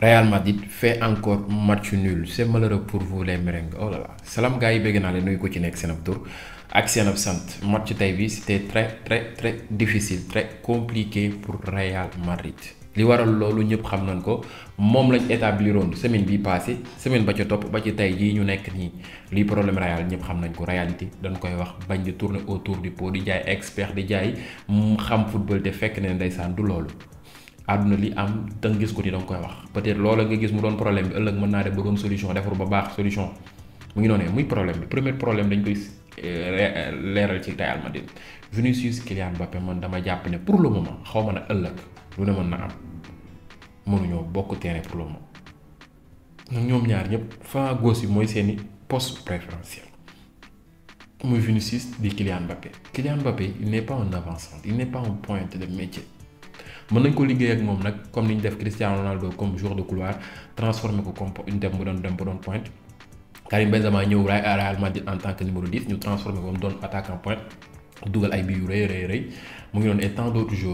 Real Madrid fait encore match nul c'est malheureux pour vous les merengues oh là là salaam gars yi bégg naa leen nuyu ko ci nekk seen ab tur ak seen ab sant match tey bi c'était très très très difficile très compliqué pour Real Madrid li waral loolu ñëpp xam nañ ko moom lañ établiroon semaine bi passé semaine ba ca topp ba ci tey jii ñu nekk nii lii problème Real ñëpp xam nañ ko réalité dañ koy wax bañ di tourner autour du pot di jaay expert di jaay mm, xam football te fekk ne ndeysaan du loolu àdduna li am da gis ko ni da koy wax peut-être loola nga gis mu doon problème bi ëllëg mën naa def ba doon solution defaru ba baax solution mu ngi noonee muy problème bi premier problème dañ koy eh, eh, leeral ci Real Madrid Vinicius Kylian Mbappé man dama jàpp ne pour le moment xaw ma nag ëllëg lu ne mën na am mënuñoo bokk terrain pour le moment nag ñoom ñaar ñëpp flanc gauche bi mooy seeni poste préférentiel muy Vinicius di Kylian Mbappé Kylian Mbappé il n'est pas un avançant il n'est mën nañ ko liggéey ak moom nag comme ni ñu def Cristiano Ronaldo comme joueur de couloir transformé ko comme une dem bu doon dem bu doon pointe ñëw Real Madrid en tant que numéro 10 ñu transformé ko doon attaquant pointe dugal ay bii yu rëy rëy mu ngi doon et tant d' autres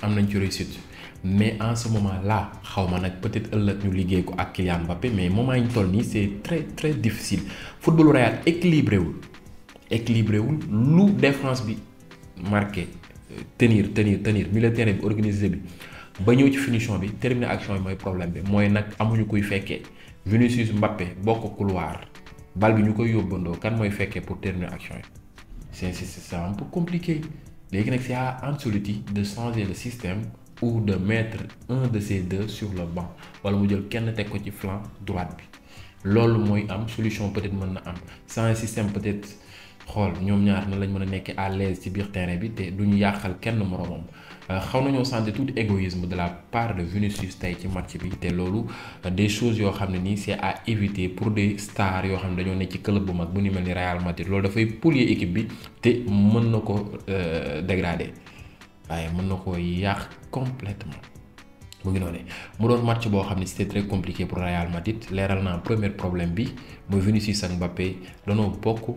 na am nañ ci réussite mais en ce moment la xaw ma nag peut-être ëllëg ñu liggéey ko ak Kylian Mbappé mais moment yi ñu toll nii c' est très très difficile footballu Real équilibré wul équilibré bi marqué. tenir tenir tenir milieu terrain bi organisé bi ba ñëw ci finition bi terminé action bi mooy problème bi mooy nag amuñu kuy fekkee Vinicius mbappe bokk couloir bal bi ñu koy yóbbandoo kan mooy fekkee pour terminer action yi c'est c'est un peu compliqué léegi nag c'est en Ancelotti de changer le système ou de mettre un de ces sur le banc wala mu jël kenn teg ko ci flanc droite bi loolu mooy am solution peut-être mën na am sans système peut-être. xool ñoom ñaar na lañ mën a nekkee à l'aise ci biir terrain bi te duñu yàqal kenn moroomam euh, xaw nañoo sentir tout égoïsme de la part de Vinicius tey ci match bi te loolu euh, des choses yoo xam ne nii c'est à éviter pour des stars yoo xam ne dañoo nekk ci club bu mag bu ni mel ni Real Madrid loolu dafay polluer équipe bi te mën na ko euh, dégrader waaye mën na ko yàq complètement mu ngi noonu mu doon match boo xam ne c'était très compliqué pour Real Madrid leeral naa premier problème bi mooy Vinicius ak Mbappé danoo bokk.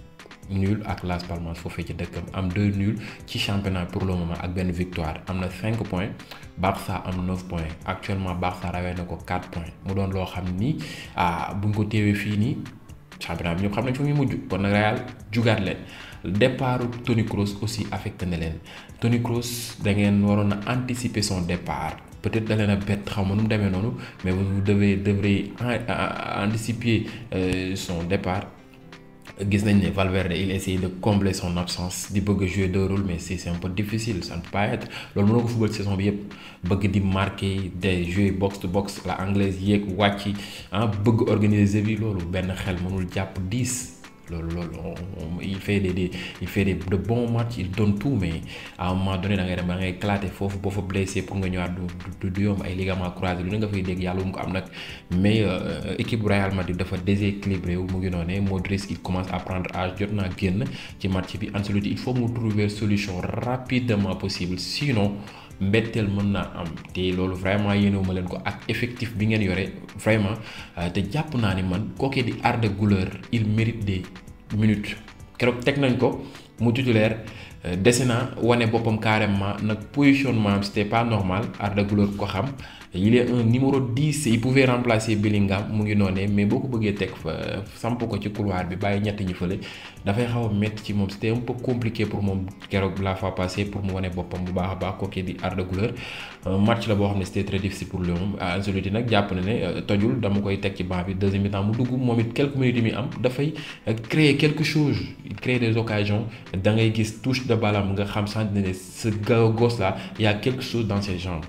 nul ak Las Palmas fee ci dëkkam am deux nul ci championnat pour le moment ak benn victoire am na cinq points Barça am neuf points actuellement Barça rawee na ko quatre points mu doon loo xam ni ah bu ñu ko teewee fii nii championnat bi ñëpp xam nañ fu muy mujj kon nag Real jugaat leen. départ Toni Kroos aussi affecte na leen Toni Kroos da ngeen waroon a anticiper son départ peut-être da bett xaw ma nu mu demee noonu mais vous devez devrez anticiper euh, son départ. gis nañ ne Valverde il essaye de combler son absence di bëgg a jouer deux rôles mais c' est un peu difficile ça ne peut pas être ko football saison bi yëpp bëgg di marquer des jouer box to box la anglaise yéeg wàcc ah bëgg organiser bi loolu benn xel mënul jàpp dix. loolu loolu il fait des des il de bons matchs il donne tout mais à un moment donné da ngay dem da ngay éclater foofu boo fa blessé pour nga ñëwaat du du ay ligaments croisés lu ne nga fay dégg yàlla mu ko am nag mais euh, euh, équipe Real Madrid dafa déséquilibré wu mu ngi noonu Modric il commence à prendre âge jot naa génn ci match bi Ancelotti il faut mu trouver solution rapidement possible sinon. mbetteel mën naa am te loolu vraiment yéenewuma leen ko ak effectif bi ngeen yore vraiment euh, te jàpp naa ni man kookee di Arda gouleur il mérite des minutes keroog teg nañ ko mu titulaire Euh, dese na wane boppam carrément nag positionnement am c'était pas normal Arda Güler ko xam il est un numéro 10 il pouvait remplacer Bellingham mu ngi noonee mais boo ko bëggee teg fa samp ko ci couloir bi bàyyi ñett ñi dafay xaw a métti ci moom c'était un peu compliqué pour moom keroog la fois passée pour mu wane boppam bu baax a baax kooku di Arda Güler euh, match la boo xam ne c'était très difficile pour lui euh, moom Ancelotti nag jàpp na ne tojul dama koy teg ci banc bi deuxième mi-temps moom it quelques minutes yi muy am de balle nga xam sànni ne ce gosse là a quelque chose dans ses jambes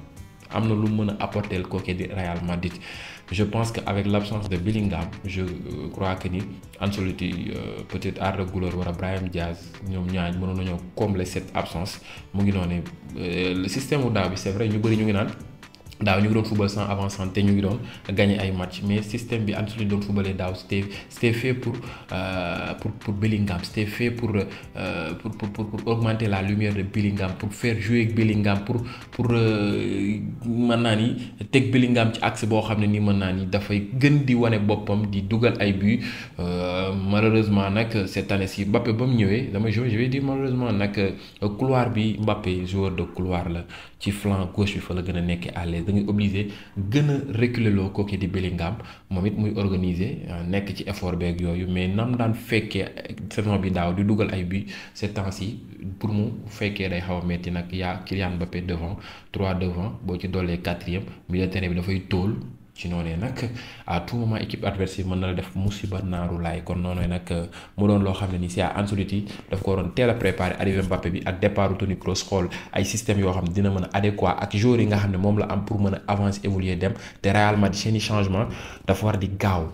am na lu mën a apporter le di Real Madrid je pense que avec l'absence de Bellingham je euh, crois que ni Ancelotti euh, peut-être Arda Güler wala Brahim Diaz ñoom ñaañ mënoon nañoo combler cette absence mu ngi noonu ne euh, le système mu daaw bi c'est ñu bëri ñu ngi naan. daaw ñu ngi doon football sans avançant te ñu ngi doon gagné ay match mais système bi Ancelotti doon footballé daaw c'était c'était pour euh, pour pour Bellingham c'était fait euh, pour pour pour pour augmenter la lumière de Bellingham pour faire jouer Bellingham pour pour euh, man naa ni teg Bellingham ci axe boo xam ne nii mën naa ni dafay gën di wane boppam di dugal ay buts malheureusement nag cette année ci Mbappé ba mu ñëwee damay je vais dire malheureusement nag couloir bi Mbappé joueur de la ci flanc gauche gën a nekk dañuy obligé gën a reculer loo kooki di Bellingham moom it muy organiser euh, nekk ci effort beeg yooyu mais nam daan fekkee saison bi daaw di dugal ay buts ces temps pour mu fekkee day xaw a metti nag yaa Kylian Mbappé devant trois devant boo ci doolee quatrième milieu terrain bi dafay tóol. ci noonee nag à tout moment équipe adverse yi mën na la def musiba naaru laay kon noonee nag mu doon loo xam ne ni c'est à Ancelotti daf ko waroon teel a préparé arrivé Mbappé bi ak départ Toni Kroos xool ay système yoo xam ne dina mën a adéquat ak joueurs yi nga xam ne moom la am pour mën a avancer évoluer dem te Real Madrid seeni changement dafa war di gaaw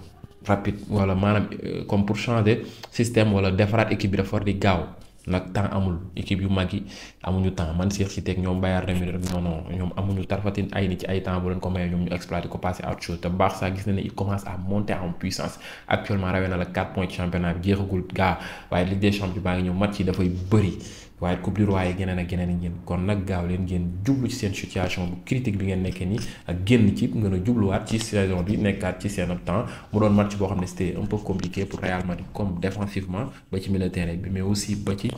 rapide wala maanaam euh, comme pour changer système wala defaraat équipe bi dafa war di gaaw. nag temps amul équipe yu mag yi amuñu temps man Seex si teg ñoom Bayern Munich rek non non ñoom amuñu tarfatin ay ni ci ay temps bu leen ko mayee ñoom ñu exploité ko passé à autre chose te baax sax gis na ne il commence à monter en puissance actuellement rawee na la 4 points championnat bi jeexagul gaa waaye Ligue des champions baa ngi ñëw match yi dafay bëri waaye coupe du roi yi geneen ak geneen ak geneen kon nag gaaw leen ngeen jublu ci seen situation bu critique bi ngeen nekkee nii ak génn ci ngeen a jubluwaat ci saison bi nekkaat ci seen temps mu doon match boo xam ne c'était un pour comme bi mais aussi ba ci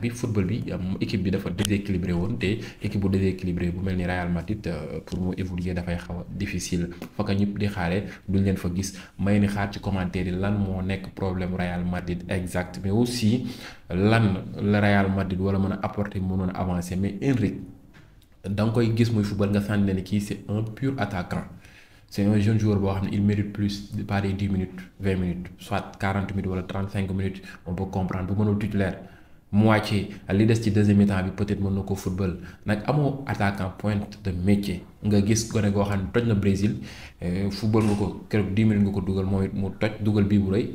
bi football bi équipe bi dafa déséquilibré woon te équipe bu déséquilibré bu mel ni Real Madrid euh, pour mu évoluer dafay xaw a difficile fa ka ñëpp di xaare duñ leen fa gis may ni xaar ci commentaire yi lan moo nekk problème Real Madrid exact mais Madrid wala mën a apporter mënoon a avancer mais Enrique da nga koy gis muy football nga sànni ne kii c'est un pur attaquant c'est un jeune joueur boo xam ne il mérite plus de pas des dix minutes vingt minutes soit quarante minutes wala trente cinq minutes on peut comprendre bu mënul titulaire moitié li des ci deuxième mi-temps bi peut-être mën na ko football nag amoo attaquant pointe de métier nga gis gone goo xam ne toj na Brésil eh, football nga ko keroog dix minutes nga ko dugal moom it mu toj dugal bii bu rëy.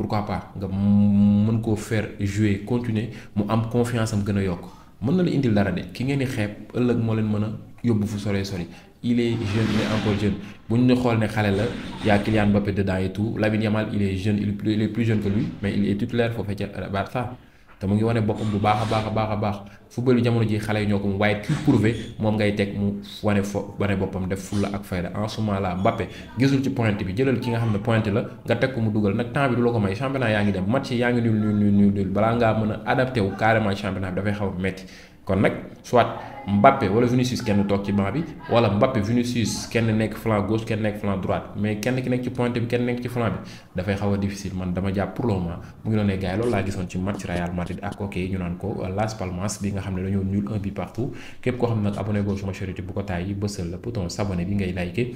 pour quoi par nga mën koo faire jouer continuer mu am confiance am gën a yokk mën na la indil dara de ki ngeen di xeeb ëllëg moo leen mën a yóbbu fu soree sori il est jeune il est encore jeune bu ñu xool ne xale la yaa Kylian Mbappé dedans et tout Lamine Yamal il est jeune il est plus jeune que lui mais il est titulaire foofee ca Barça te mu ngi wane boppam bu baax a baax a baax a baax football bi jamono ji xale yi ñoo ko mu waaye kii prouvé moom ngay teg mu wane fo wane boppam def fulla ak fayda en ce moment là Mbappé gisul ci pointe bi jëlal ki nga xam ne pointe la nga teg ko mu dugal nag temps bi du la ko may championnat yaa ngi dem match yaa ngi nul nul nul balaa ngaa mën a adapté wu carrément championnat bi dafay xaw a métti kon nag soit Mbappé wala Vinicius kenn toog ci banc bi wala Mbappé Vinicius kenn nekk flanc gauche kenn nekk flanc droite mais kenn ki nekk ci pointe bi kenn nekk ci flanc bi dafay xaw a difficile man dama jàpp pour le moment mu ngi doon ne gars yi laa gisoon ci match Real Madrid ak kooku ñu naan ko Las Palmas bi nga xam ne dañoo nul un bi partout képp koo xam ne nag abonné goo suma chaîne bu ko tàyyi bësal la bouton s'abonner bi ngay liker